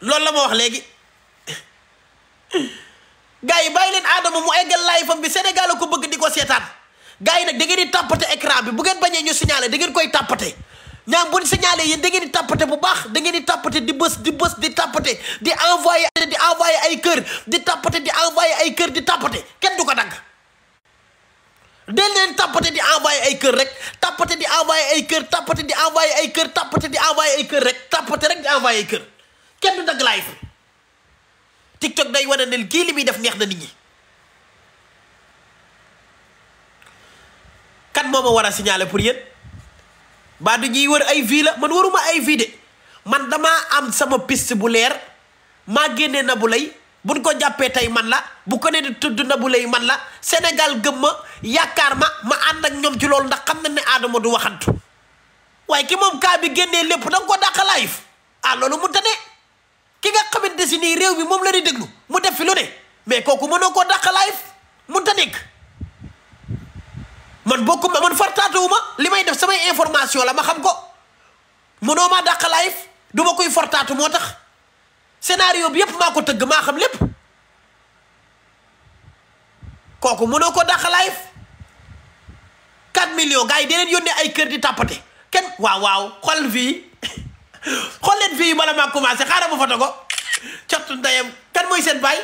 lol la ma wax léegi gars bay len adam mu egal live am bi senegal ko bëgg di ko seetaan nak yi da ngeen di tàppate écran bi bu ngeen bañee ñu signaler da koy ñam buñ signaler yeen da di tàppate bu baax da di tàppate di bës di bës di tàppate di envoyer di envoyer ay kër di tàppate di envoyer ay kër di tàppate kenn duko dag Dengan del di awai ay kër rek tapote di awai ay kër di awai ay kër di awai ay kër rek tapote rek di awai ay kenn du dagg live TikTok day wane ne kii li muy def neex na nit ñi kan moo ma war a signaler pour yéen baa du ñuy wër ay vie la man waruma ay vie de man damaa am sama piste bu leer maa génnee na bu lay buñ ko jàppee tey man la bu ko ne di tudd na bu lay man la Sénégal gëmma yaakaar ma ma ànd ak ñoom ci loolu ndax xam na ne aadama du waxantu waaye ki moom kaa bi génnee lépp da ko dàq live ah loolu mu tane ki nga xamante si nii réew mi moom la di déglu mu def fi lu ne mais kooku mënoo koo dàq live mun ta nekk man bokkuma man fortaatuwu ma li may def samay information la ma xam ko mënoo maa dàq live du ma koy fortaatu moo tax scénario bi yépp maa ko tëgg maa xam lépp kooku mënoo ko dàq live 4 millions gars yi di leen yónnee ay kër di tàppate kenn waaw waaw xol fii xool leen fii bala maa commencé xaaral ma foto ko cottu ndeyam kan mooy seen baay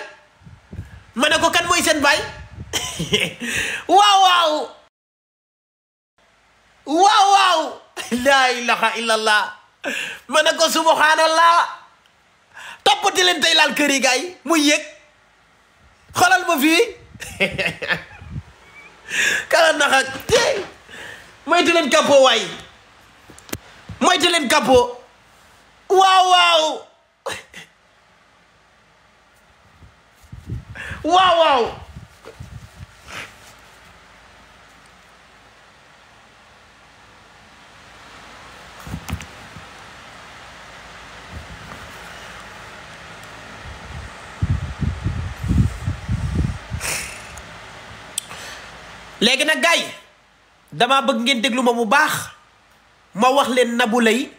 ne ko kan mooy bay baay waaw waaw waaw waaw laa ilaha illallah ma ne ko subhanallah toppati leen tey laal kër yi gaay muy yëg xoolal ma fii kala naxa tey moytu leen capot waay moytu leen capot waaw waaw waaw waaw léegi nag gars yi damaa bëgg ngeen déglu ma bu baax ma wax leen Nabou Leye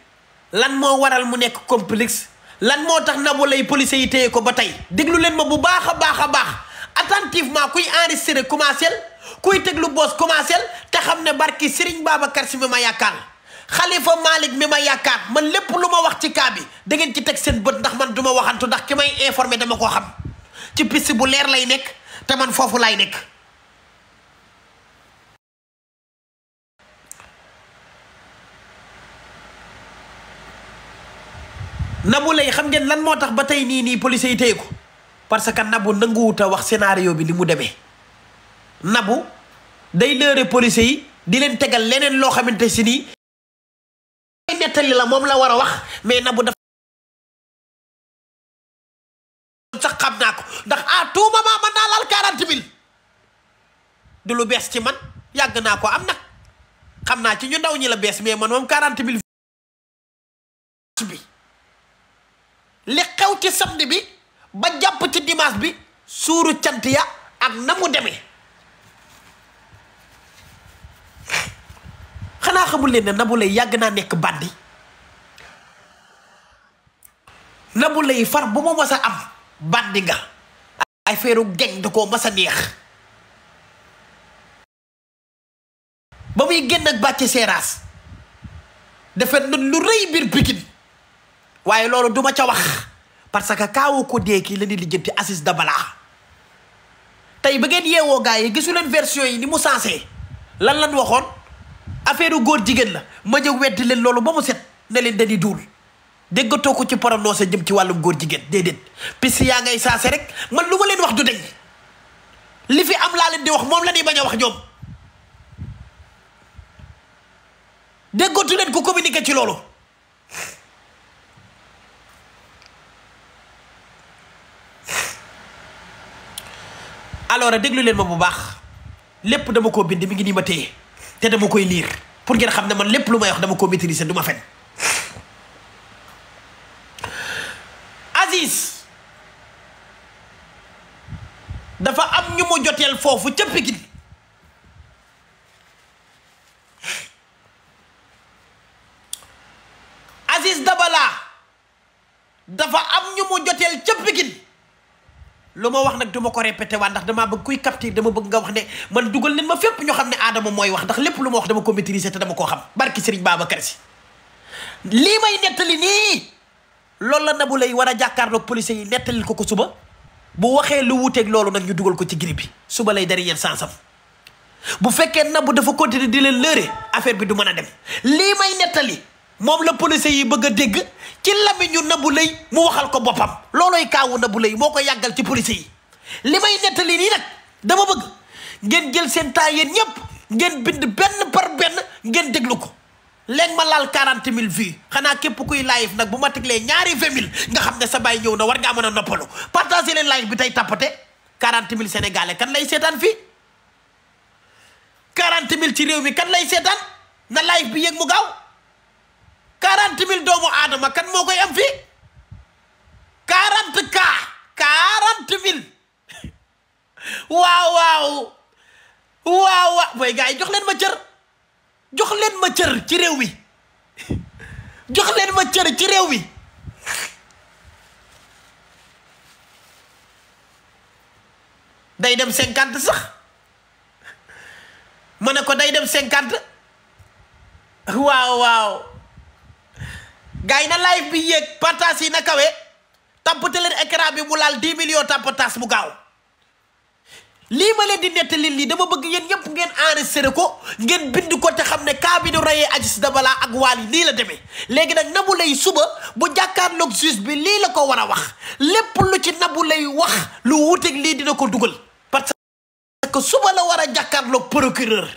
lan moo waral mu nekk complexe lan moo tax na Nabou lay policiers yi téye ko ba tey déglu leen ma bu baax a baax a baax attentivement kuy enregistré commercial kuy teglu boos commercial te xam ne barki Serigne Babacar Sy mi ma yaakaar Khalifa Malick mi ma yaakaar man lépp lu ma wax ci cas bi da ngeen ci teg seen bët ndax man du ma waxantu ndax ki may informé dama koo xam ci piste bu leer lay nekk te man foofu lay nekk nabu lay xam ngeen lan moo tax ba tey nii nii policiers yi téye ko parce que nabu nanguwut a wax scénario bi ni mu demee nabu day lëre polise yi di leen tegal leneen loo xamante si nii ay nettali la moom la war a wax mais nabu dafa sax xam naa ko ndax à tout moment mën naa lu bees ci man yàgg naa ko am nag xam naa ci ñu ndaw ñi la bees mais man moom quarante li xew ci samedi bi ba jàpp ci dimaas bi suuru cant ya ak na mu demee xanaa xamul leen ne Nabou Leye yàgg naa nekk bandi Nabou Leye far bu ma mas am bandi nga ay feeru geñ da koo mas a neex ba muy génn ak seeraas dafa nun lu rëy biir Pikine waye lolo duma ca wax parce que kaawu ko deeki la di lijjanti Aziz Dabala tay ba ngeen yewo gaay yi gisu len version yi ni mu sansé lan lan waxon affaireu góor jigen la ma ñëw wedd len loolu ba mu set ne leen dul duul to ko ci paranoose jëm ci walum góor jigen dedet pisi ya ngay sansé rek man luma ma wax du deñ li fi am la len di wax mom la ñuy bañ a wax ñoom ko communiquer ci alors déglu leen ma bu baax lépp dama koo bind mi ngi nii ma téye te dama koy liir pour ngeen xam ne man lépp lu ma wax dama koo maîtriser du ma fen dafa am ñu mu joteel foofu ca Pikine la ma wax nag du ma ko répété waat ndax damaa bëgg kuy capter dama bëgg nga wax ne man dugal leen ma fépp ñoo xam ne Adama mooy wax ndax lépp lu ma wax dama ko maîtriser te dama koo xam barki Serigne Babacar Si lii may nettali nii loolu la Nabou lay war a jàkkaarloog police yi nettalil ko ko suba bu waxee lu wuuteeg loolu nag ñu dugal ko ci giri bi suba lay dari yéen sansam bu fekkee Nabou dafa continuer di leen lëre affaire bi du mën a dem lii may nettali moom la policier yi bëgg a dégg ci lamiñu Nabou Leye mu waxal ko boppam loolooy kaawu Nabou Leye moo ko yàggal ci policier yi li may nettali nii nag dama bëgg ngeen jël seen temps yéen ngeen bind benn par benn ngeen déglu ko léegi ma laal quarante mille vues xanaa képp kuy live nag bu ma teglee ñaari vingt mille nga xam ne sa baay ñëw na war ngaa mën a noppalu partagé leen live bi tey tappate quarante mille sénégalais kan lay seetaan fii quarante mille ci réew mi kan lay seetaan na live bi yéeg mu gaaw quarante mille doomu aadama kan moo koy am fii quarante cas quarante mille waaw waaw waaw waaw mooy yi jox leen ma cër jox leen ma cër ci réew mi jox leen ma cër ci réew mi day dem cinquante sax ma ne ko day dem cinquante waaw waaw gars yi na live bi yéeg partage yi na kawee tàmpate leen écran bi mu laal 10 millions tampatas mu gaaw lii ma leen di nettali lii dama bëgg yéen ñëpp ngeen enregistré ko ngeen bind ko te xam ne kaa bi nu rayee Aziz Dabala ak Wally lii la demee léegi nag Nabou lay suba bu jàkkaarloog juge bi lii la ko war a wax lépp lu ci Nabou lay wax lu wuuteeg lii dina ko dugal parce que suba la war a jàkkaarloog procureur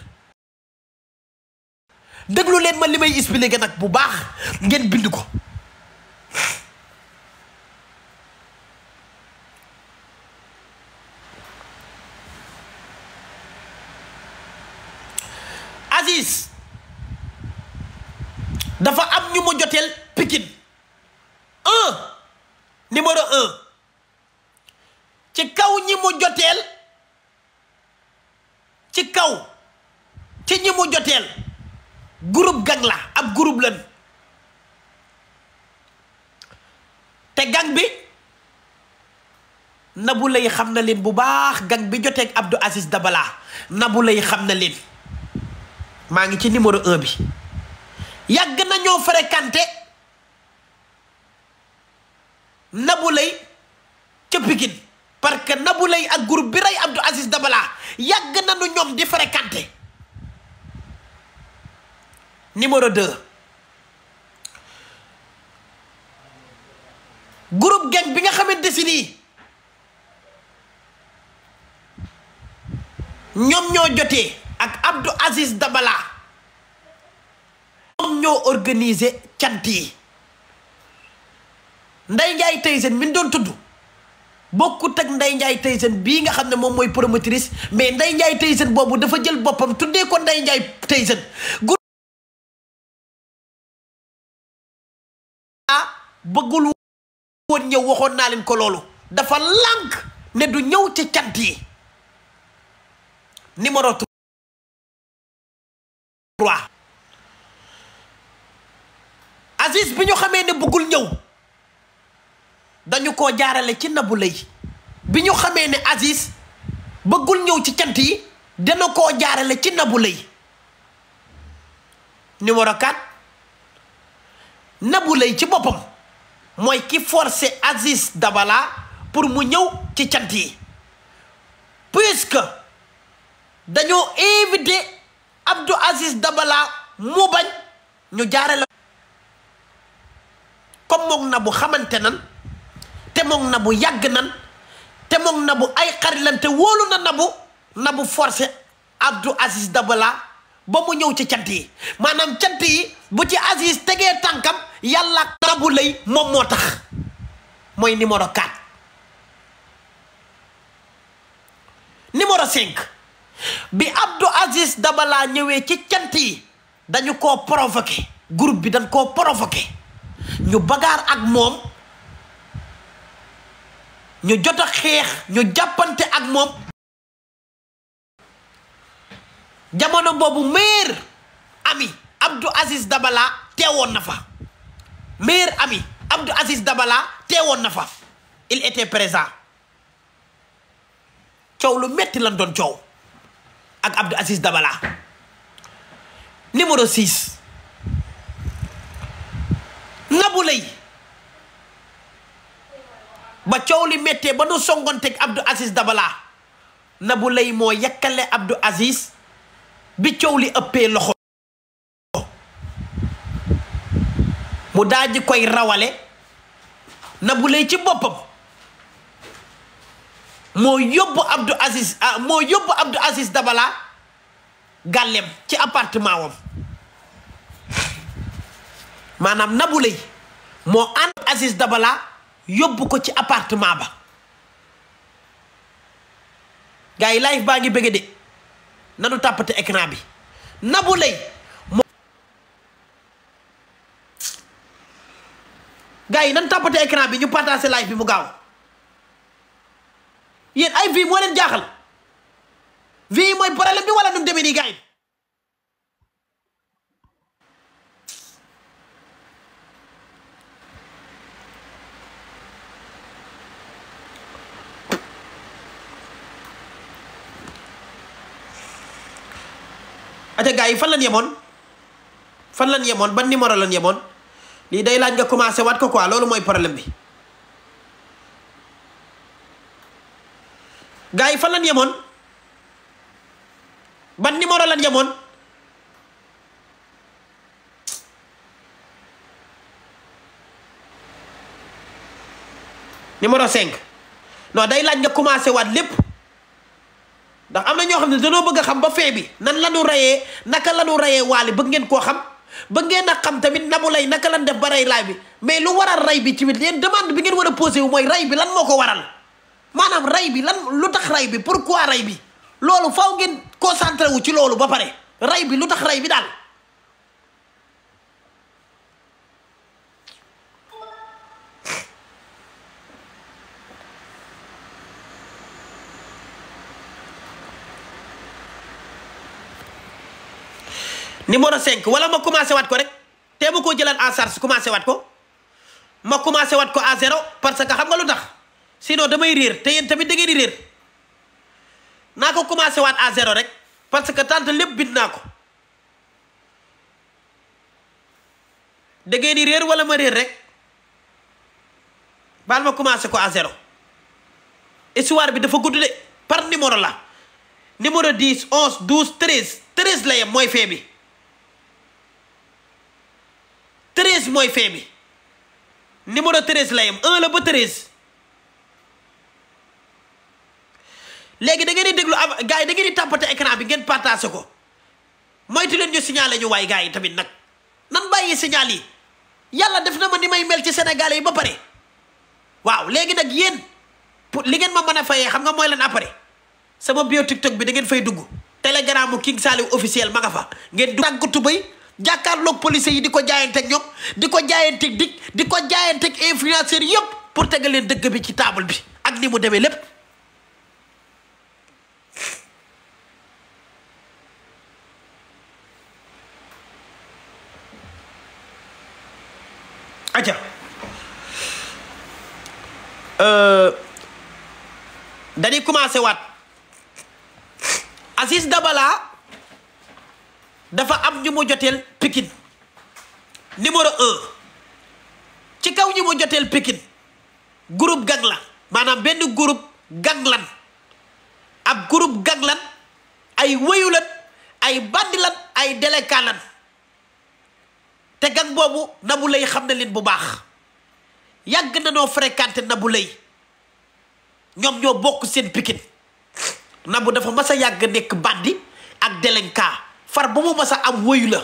déglu leen ma li may expliqué nag bu baax ngeen bind ko Aziz dafa am ñu mu joteel Pikine un numéro un ci kaw ñi mu joteel ci kaw ci ñi mu joteel groupe gang la ab groupe lan te gang bi Nabou Leye xam na leen bu baax gang bi jotee Abdou Aziz Dabala Nabou Leye xam na leen maa ngi ci numéro un bi yàgg nañoo fréquenté Nabou Leye ca Pikine parce que Nabou Leye ak group bi rey Abdou Aziz Dabala yàgg nañu ñoom di fréquenté numéro de groupe gang bi nga xamante si nii ñoom ñoo jotee ak Abdou Aziz Dabala ñoom ñoo organiser cant yi Ndeye Ndiaye Tyson mi doon tudd bokkut ak Ndeye Ndiaye Tyson bii nga xam ne moom mooy promotrice mais Ndeye Ndiaye Tyson boobu dafa jël boppam tuddee ko Ndeye Ndiaye Tyson bëggul woon ñëw waxoon naa leen ko loolu dafa lànk ne du ñëw ci cant yi numéro trois Aziz bi ñu xamee ne bëggul ñëw dañu ko jaarale ci Nabou Leye bi ñu xamee ne Aziz bëggul ñëw ci cant yi dana koo jaarale ci Nabou Leye numéro 4 ci boppam mooy ki forcé Aziz Dabala pour mu ñëw ci cant yi puisque dañoo invité Abdou Aziz Dabala mu bañ ñu jaare la comme moom na bu xamante nan te moom na bu yàgg nan te moom na bu ay xarilante wóolu na nabu nabu forcé Abdou Aziz Dabala ba mu ñëw ci cant yi maanaam cant yi bu ci Aziz tegee tànkam yàlla ak rabu lay moom moo tax mooy numéro 4 numéro 5 bi Abdou Aziz Dabala ñëwee ci cant yi dañu ko provoqué groupe bi dañ koo provoqué ñu bagaar ak moom ñu jot xeex ñu jàppante ak moom jamono boobu meer ami Abdou Aziz Dabala teewoon nafa meilleur ami Abdou Aziz Dabala teewoon na fa il était présent coow lu metti lan doon coow ak Abdou Aziz Dabala numéro 6 Nabou Leye ba coow li méttee ba nu songonteeg Abdou Aziz Dabala Nabou Leye moo yëkkale Abdou Aziz bi coow li ëppee loxo mu daal koy rawale na bu lay ci boppam moo yóbbu Abdou Aziz ah, moo yóbbu Abdou Aziz Dabala gàllem ci appartement wam maanaam na lay moo ànd Aziz Dabala yóbbu ko ci appartement ba gars yi live baa ngi bëgg de nanu tàppate écran bi na lay gars yi nan tàppate écran bi ñu partagé live bi mu gaaw yéen ay vie moo leen jaaxal vie yi mooy problème bi wala nu mu demee nii gars yi fan lan yemoon fan lan yemoon ban numéro lan yemoon lii day laaj nga commencé waat ko quoi loolu mooy problème bi gars yi fan lan yemoon ban numéro lan yamoon numéro 5 non day laaj nga commencé waat lépp ndax am na ñoo xam ne dañoo bëgg a xam ba fee bi nan lanu rayee naka lanu rayee waali bëgg ngeen koo xam ba ngeen a xam tamit nabu lay naka lan def ba rey laay bi mais lu waral rey bi ci biir yéen demande bi ngeen war a posé wu mooy rey bi lan moo ko waral maanaam ray bi lan lu tax ray bi pourquoi ray bi loolu faaw ngeen concentré wu ci loolu ba pare ray bi lu tax ray bi daal. numéro cinq wala ma commencé waat ko rek te ma koo jëlaat en charge commencé waat ko ma commencé waat ko à zéro parce que xam nga lu tax sinon damay réer te yéen tamit da ngeen réer naa ko commencé waat à zéro rek parce que tant lépp bind naa ko da ngeen di réer wala ma réer rek baal ma commencé ko à zéro histoire bi dafa gudd de par numéro la numéro 10 11 12 13 13 la yem mooy fee treize mooy fin bi numéro treize la yem la ba treize léegi da ngeen di déglu ab gars yi da ngeen di tàppate écran bi ngeen partagé ko moytu leen ñu signalé ñu waaye gars yi tamit nag nan bàyyi signal yi yàlla def na ma ni may mel ci Sénégalais yi ba pare waaw léegi nag yéen pour li ngeen ma mën a fayee xam nga mooy lan pare sama bio TikTok bi da ngeen fay dugg. Telegramu King Saliou officiel ma nga fa ngeen dugg tàggatu bay jàkkarlook policiers yi di ko jaayanteeg ñoom di ko jaayanteeg dig di ko jaayanteeg influenceurs yëpp pour tegal dëgg bi ci taabal bi ak ni mu demee lépp aja euh, dañuy commencé waat Aziz Dabala dafa am ñu mu joteel Pikine numéro un ci kaw ñu mu joteel Pikine groupe gang la maanaam benn groupe gang lan ab groupe gang lan ay wëyu ay bandi ay déléka te gang boobu Nabou Leye xam na leen bu baax yàgg na noo fréquenté Nabou Leye ñoom ñoo bokk seen na bu dafa mas a yàgg nekk bandi ak délinquant far bu mu mas a am wëyu la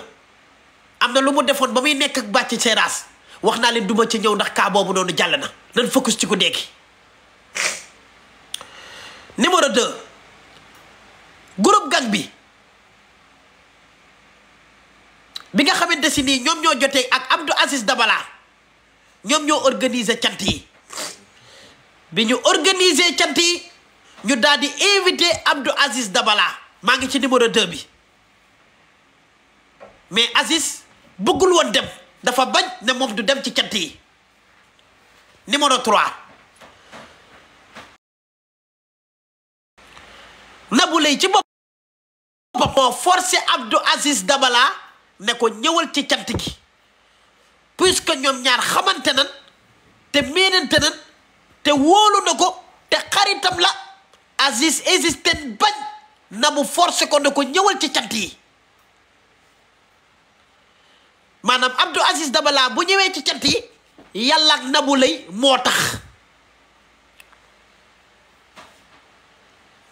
am na lu mu defoon ba muy nekk ak bàcc seeraas wax naa leen duma ci ñëw ndax kaa boobu noonu jàll na nan focus ci ku deeki numéro deux groupe gang bi bi nga xamante si nii ñoom ñoo jotee ak Abdou Aziz Dabala ñoom ñoo organiser cant yi bi ñu organiser cant yi ñu daal di invité Abdou Aziz Dabala maa ngi ci numéro deux bi mais Aziz bëggul woon dem dafa bañ ne moom du dem ci cant yi numéro 3 Nabou Leye ci boppam moo forcé Abdou Aziz Dabala ne ko ñëwal ci cant gi puisque ñoom ñaar xamante nan te miinante nan te wóolu na ko te xaritam la Aziz existé bañ Nabou forcé ko ne ko ñëwal ci cant yi maanaam Abdou Aziz Dabala bu ñëwee ci cant yi yàlla ak Nabou moo tax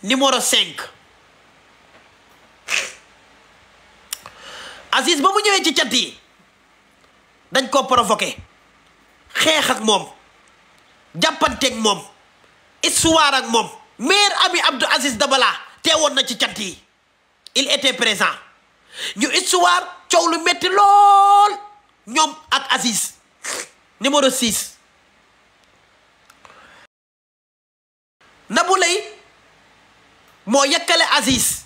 numéro cinq Aziz ba mu ñëwee ci cant yi dañ koo provoqué xeex ak moom jàppanteeg moom histoire ak moom maire ami Abdou Aziz Dabala teewoon na ci cant yi il était présent ñu histoire coow lu metti lool ñoom ak Aziz numéro 6 Nabou Leye moo yëkkale Aziz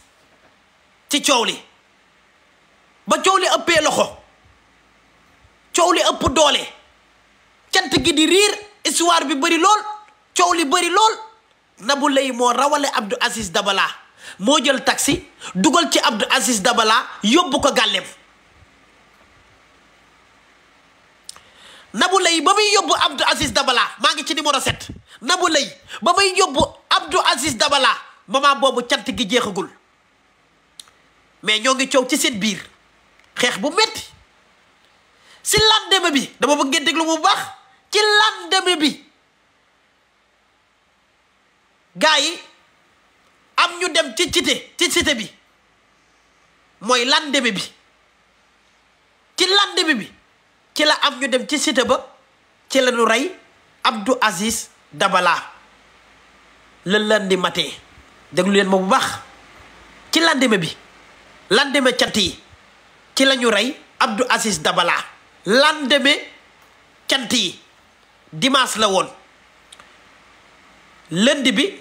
ci coow li ba coow li ëppee loxo coow li ëpp doole cant gi di riir histoire bi bëri lool coow li bari lool Nabou lay moo rawale Abdou asis Dabala moo jël taxi dugal ci Abdou Aziz Dabala yóbbu ko gàlleem Nabou lay ba muy yóbbu Abdou Aziz dabalaa maa ngi ci numéro 7 Nabou Leye ba muy yóbbu Abdou Aziz Dabala moment boobu cant gi jeexagul mais ñoo ngi coow ci seen biir xeex bu metti si lendemain bi dama bëgg ngeen déglu bu baax ci lendemain bi gars yi. am ñu dem ci cité ci cité bi mooy lendemain bi ci lendemain bi ci la am ñu dem ci cité ba ci la ñu rey Abdou asis Dabala le lundi matin déglu leen ma bu ci lendemain bi lendemain cant yi ci lañu ñu rey Abdou Aziz Dabala lendemain cant yi dimanche la woon lundi bi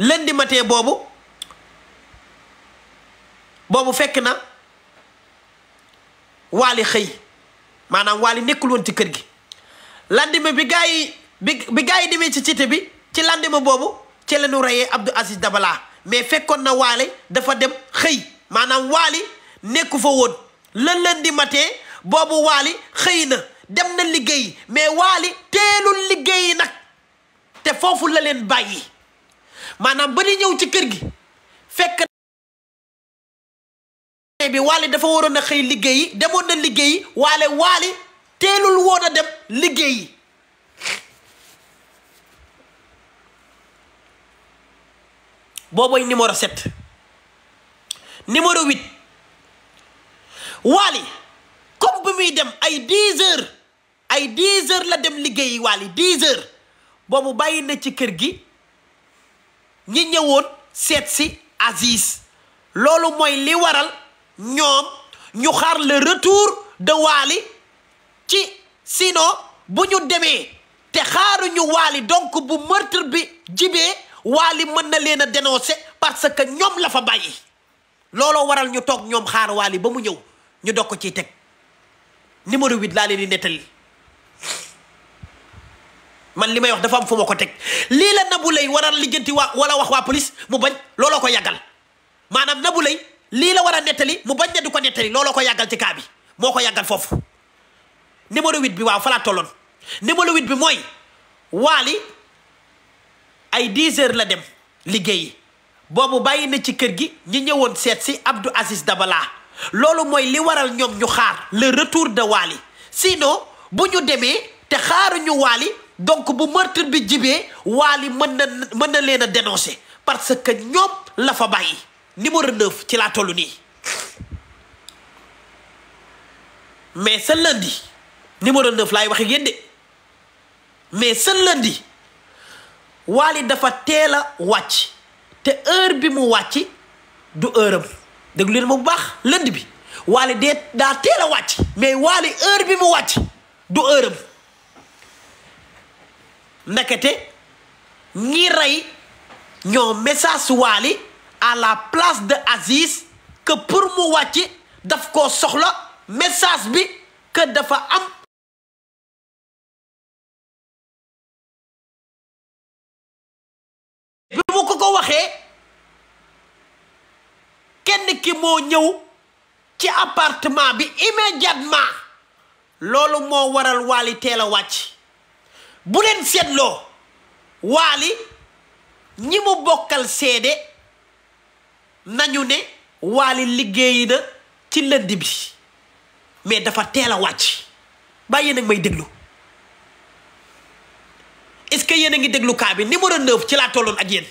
lundi boobu boobu fekk na waali xëy maanaam waali nekkul woon ci kër gi lendemain bi gaa yi bi gaa yi demee ci cité bi ci landima boobu ci la ñu reyee Abdou Aziz Dabala mais fekkoon na waali dafa dem xëy maanaam waali nekku fa woon lan lan di matee boobu waali xëy na dem na liggéeyi mais waali teelul liggéeyi nag te foofu la leen bàyyi maanaam ba ñëw ci kër gi fekk bi waale dafa waroon a xëy liggéeyi demoon na liggéeyi waale waale teelul woon a dem liggéeyi boobooy numéro 7 numéro 8 waali comme bi muy dem ay 10 heures ay 10 heures la dem liggéeyi waali 10 heures boobu bàyyi na ci kër gi ñi ñëwoon seet si Aziz loolu mooy li waral ñoom ñu xaar le retour de Wally ci sinon bu ñu demee te xaaruñu Wally donk bu meurtre bi jibee Wally mën na leen a parce que ñoom la fa bàyyi looloo waral ñu toog ñoom xaar Wally ba mu ñëw ñu dog ko ciy teg numéro huit laa leen di nettali man li may wax dafa am fu ma ko teg lii la Nabou Leye waral lijjanti waa wala wax waa police mu bañ looloo ko yàggal maanaam Nabou Leye lii la war a nettali mu bañ ne du ko nettali looloo ko yàggal ci kaa bi moo ko yàggal foofu numéro 8 bi waaw fa laa tolloon numéro 8 bi mooy waali ay 10 heures la dem liggéeyi boobu bàyyi na ci kër gi ñu ñëwoon seet si abdu Aziz Dabala loolu mooy li waral ñoom ñu xaar le retour de waali sinon bu ñu demee te xaaruñu waali donc bu meurtre bi jibee waali mën na mën na leen a parce que ñoom la fa bàyyi. numéro 9 ci laa toll nii mais ce lundi numéro 9 laay wax ak de mais ce lundi Wally dafa teel a wàcc te heure bi mu wàcc du heure am déglu leen ma bu baax lënd bi Wally dee daa teel a wàcc mais Wally heure bi mu wàcc du heure am ndekete ñi rey ñoo message Wally à la place de asis que pour mu wàcc daf koo soxla message bi que dafa am bi mu ko ko waxee kenn ki moo ñëw ci appartement bi immédiatement loolu moo waral waali teel wàcc buleen seetloo waali ñi mu bokkal seede nañu ne waali liggéey na ci lënd bi mais dafa teel a wàcc bàyyi nag may déglu est-ce que yéen a ngi déglu kaa bi numéro 9 ci laa tolloon ak yéen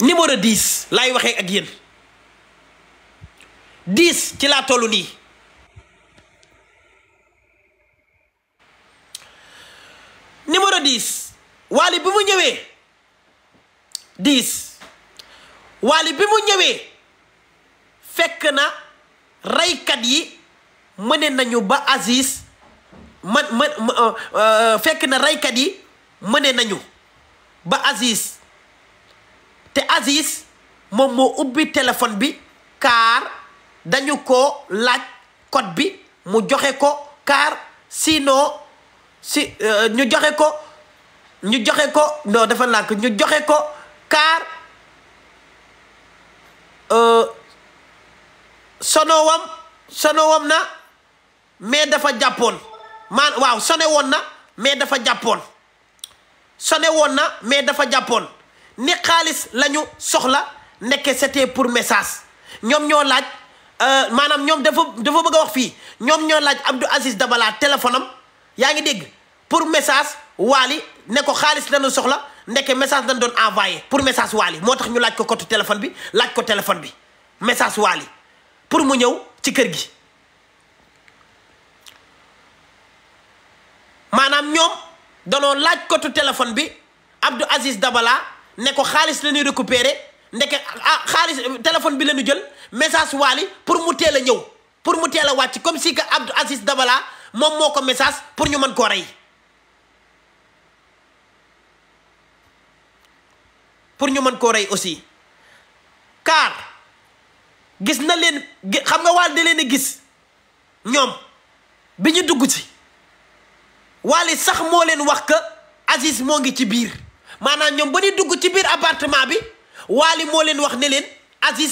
numéro 10 laay waxee ak yéen 10 ci laa toll nii numéro diis Wally bi mu ñëwee diis Wally bi mu ñëwee fekk na raykat yi mëne nañu ba Aziz man man euh, euh, fekk na reykat yi mëne nañu ba Aziz te Aziz moom moo ubbi téléphone bi car dañu ko laaj kot bi mu joxe ko kaar sinon. si euh, ñu joxe ko ñu joxe ko non dafa lànk ñu joxe ko car euh, sonowam sonowam na mais dafa jàppoon maan waaw sone woon na mais dafa jàppoon sone woon na mais dafa jàppoon ni xaalis lañu soxla nekke sete pour message ñoom ñoo laaj euh, maanaam ñoom dafa dafa bëgg a wax fii ñoom ñoo laaj Abdou Aziz Dabala téléphone am yaa ngi dégg pour message Wali, ne ko khalis lañu soxla ndeke message dañ doon envoyer pour message Wali, motax ñu laaj ko code téléphone bi laaj ko téléphone bi message Wali. pour mu ñew ci kër gi manam ñom dañu laaj ko téléphone bi Abdou Aziz Dabala ne ko khalis lañu récupérer ndeke ah téléphone bi le jël message wali pour mu le ñew pour mu le Wati. comme si que Abdou Aziz Dabala mom moko message pour ñu mën ko ray pour ñu mën koo rey aussi car gis na leen xam nga waal da leen a gis ñoom bi ñu dugg ci waali sax moo leen wax que Aziz moo ngi ci biir maanaam ñoom ba ñuy dugg ci biir appartement bi waali moo leen wax ne leen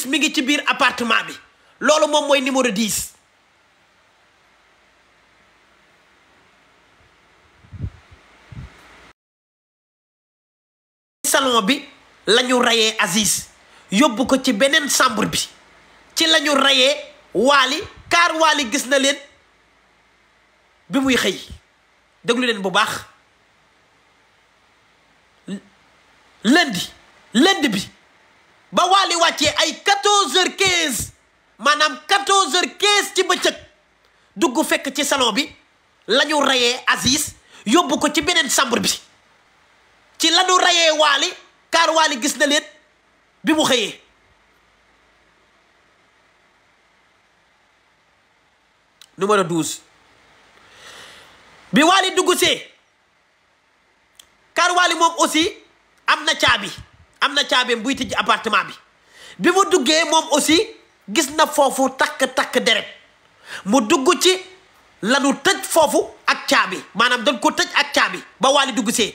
mi ngi ci biir appartement bi loolu moom mooy numéro diis salon bi lañu ñu asis yóbbu ko ci beneen chambre bi ci lañu ñu rayee Waali kaar Waali gis na leen bi muy xëy déglu leen bu baax lundi lundi bi ba Waali wàccee ay 14h15 maanaam 14h15 ci bëccëg dugg fekk ci salon bi la ñu rayee Aziz yóbbu ko ci beneen chambre bi ci la ñu rayee Waali kaar waali gis na leen bi mu xëyee numéro 12 bi waali dugg see kaar waali moom aussi am na caabi am na caabi buy tijji appartement bi bi mu duggee moom aussi gis na foofu takk-takk deret mu dugg ci lanu tëj foofu ak caabi maanaam dañ ko tëj ak caabi ba waali dugg see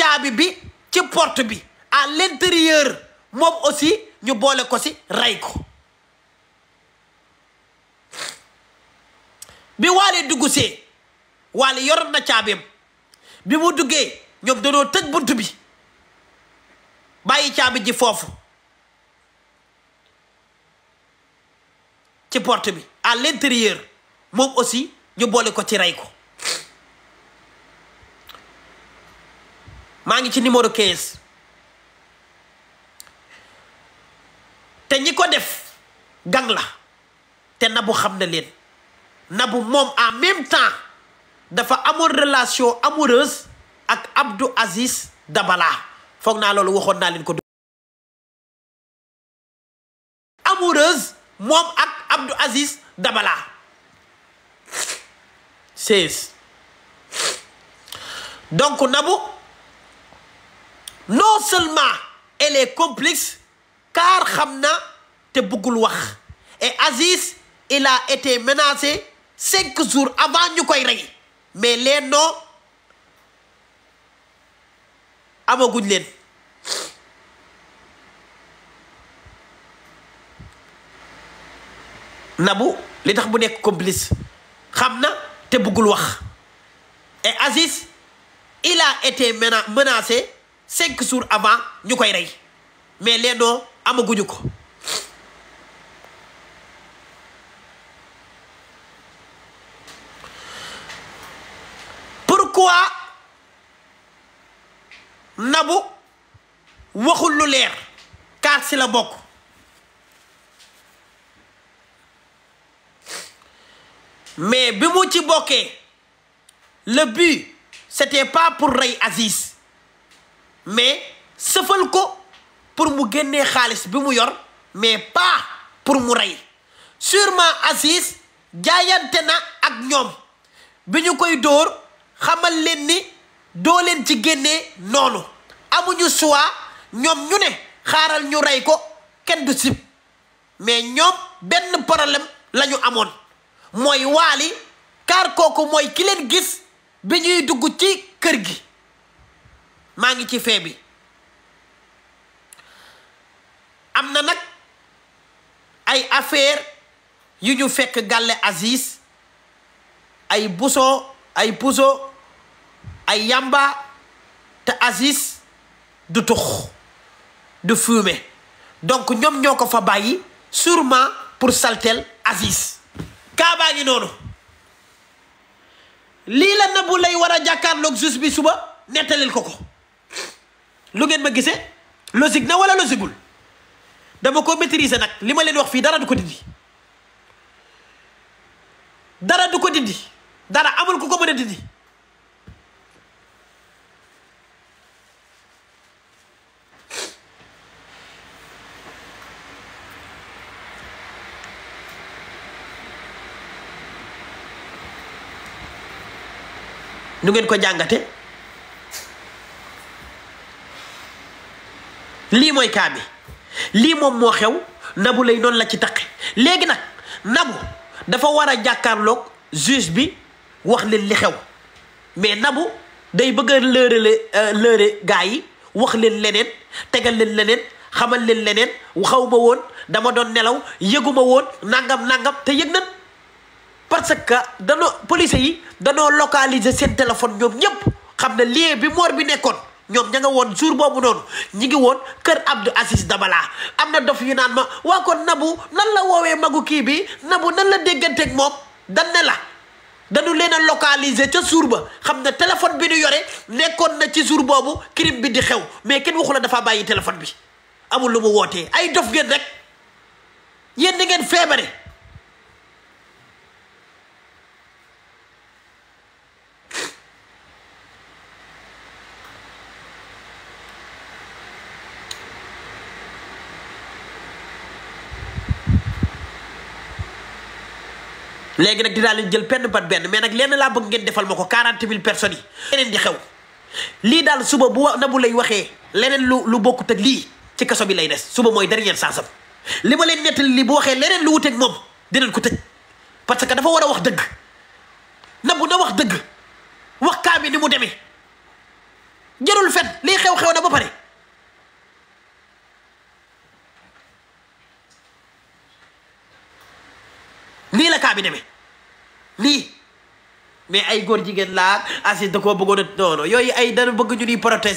caabi bi ci porte bi à l'intérieur moom aussi ñu boole ko ci rey ko bi waale dugg see waale yoroon na caabeem bi mu duggee ñoom danoo tëj bunt bi bàyyi caabi ji foofu ci porte bi à l'intérieur moom aussi ñu boole ko ci rey ko maa ngi ci numéro 15 te ñi ko def gang la te nabu xam na leen nabu moom en même temps dafa amoon relation amoureuse ak Abdou Aziz Dabala foog naa loolu waxoon naa leen ko. amoureuse moom ak Abdou Aziz Dabala 16 donc Nabou. non seulement elle est complice... car xamna te bëggul wax et Aziz il a été menacé 5 jours avant ñukoy ray mais les noms amaguñ leen Nabu li tax bu nek complice xamna te bëggul wax et Aziz il a été menacé cinq jours avant nous koy rey mais les leenoo amaguñu ko pourquoi nabu waxul lu leer car si la bokk mais bi mu ci le but c'était pas pour rey Aziz mais sëfal ko pour mu génnee xaalis bi mu yor mais pas pour mu rey sûrement Aziz jaayante na ak ñoom bi ñu koy dóor xamal leen ni doo leen ci génnee noonu amuñu choix ñoom ñu ne xaaral ñu rey ko kenn du sib mais ñoom benn problème la ñu amoon mooy waali kaar kooku mooy ki leen gis bi ñuy dugg ci kër gi mangi ci fee bi am na nag ay affaire yu ñu fekk galle Aziz ay buso ay puso ay yamba te Aziz du tux du fumer donc ñoom ñoo ko fa bàyyi sûrement pour saltel Aziz kaa baa ngi noonu lii la Nabou Leye war a jàkkaarloog justice bi suba nettalil ko ko lu ngeen ma gisee logique na wala logigul dama ko maîtriser nag li ma leen wax fii dara du ko dindi dara du ko dindi dara amul ko mën a dindi nu ngeen ko jàngate lii mooy kaa bi lii moom moo xew nabu lay noonu la ci taqe léegi nag nabu dafa war a jàkkaarloog juge bi wax leen li xew mais nabu day bëgg a lëërale euh, lëëre gaa yi wax leen leneen tegal leen leneen xamal leen leneen waxaw ma woon dama doon nelaw yëguma woon nangam nangam te yëg nan parce que danoo police yi danoo localiser seen téléphone ñoom ñëpp xam ne lien bi moor bi nekkoon ñoom ña nga woon jour boobu noonu ñi ngi woon kër Abdou Aziz dabalaa am na dof yu naan ma waa kon nabu nan la woowee magu kii bi nabu na la dégganteeg moom dan ne la dañu leen a localiser ca suur ba xam ne téléphone bi ñu yore nekkoon na ci suur boobu crime bi di xew mais kenn waxu la dafa bàyyi téléphone bi amul lu mu wootee ay dof ngeen rek yéen da ngeen feebare léegi nag dinaa leen jël benn bat benn mais nag lenn laa bëgg ngeen defal ma ko quarante mille personnes yi. leneen di xew lii daal suba bu Nabou lay waxee leneen lu lu bokkut ak lii ci kaso bi lay des suba mooy dernière chance am li ma leen nettali lii bu waxee leneen lu wuteeg moom dinañ ko tëj parce que dafa war a wax dëgg na Nabou na wax dëgg wax kaa bi ni mu demee jarul fen lii xew-xew na ba pare. lii la kaa bi demee lii mais ay góor jigéen laa asi da koo bëggoon a non yooyu ay da bëgg ñu di protéger